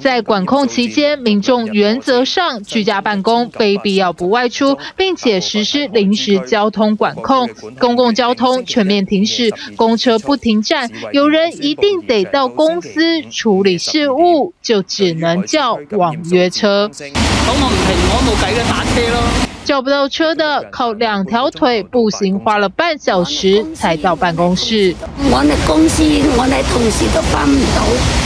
在管控期間，民眾原則上居家辦公，非必要不外出，並且實施臨時交通管控，公共交通全面停駛，公車不停站。有人一定得到公司處理事務，就只能叫網約車。我冇計啦，叫不到車的，靠兩條腿步行，花了半小時才到辦公室。我哋公司，我哋同事都翻唔到。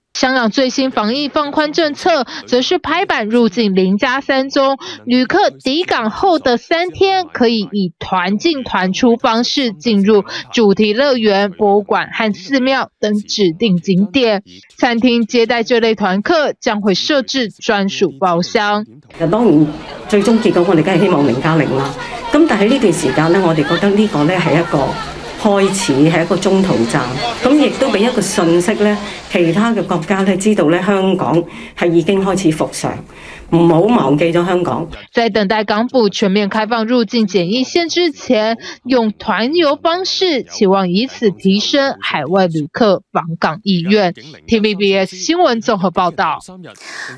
香港最新防疫放寬政策，則是拍板入境零加三中旅客抵港後的三天，可以以團進團出方式進入主題樂園、博物館和寺廟等指定景點餐廳接待這類團客，將會設置專屬包廂。當然，最終結果我哋梗係希望零加零啦。咁但係呢段時間咧，我哋覺得呢個咧係一個。開始係一個中途站，咁亦都俾一個信息呢，其他嘅國家咧，知道呢香港係已經開始復常。唔好忘記咗香港。在等待港府全面開放入境檢疫線之前，用團遊方式，期望以此提升海外旅客訪港意願。TVBS 新聞綜合報道。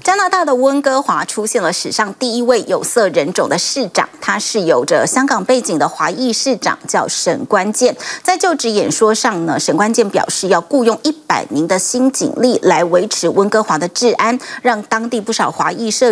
加拿大的温哥華出現了史上第一位有色人種的市長，他是有着香港背景的華裔市長，叫沈關健。在就職演說上呢，沈關健表示要雇用一百名的新警力來維持温哥華的治安，讓當地不少華裔社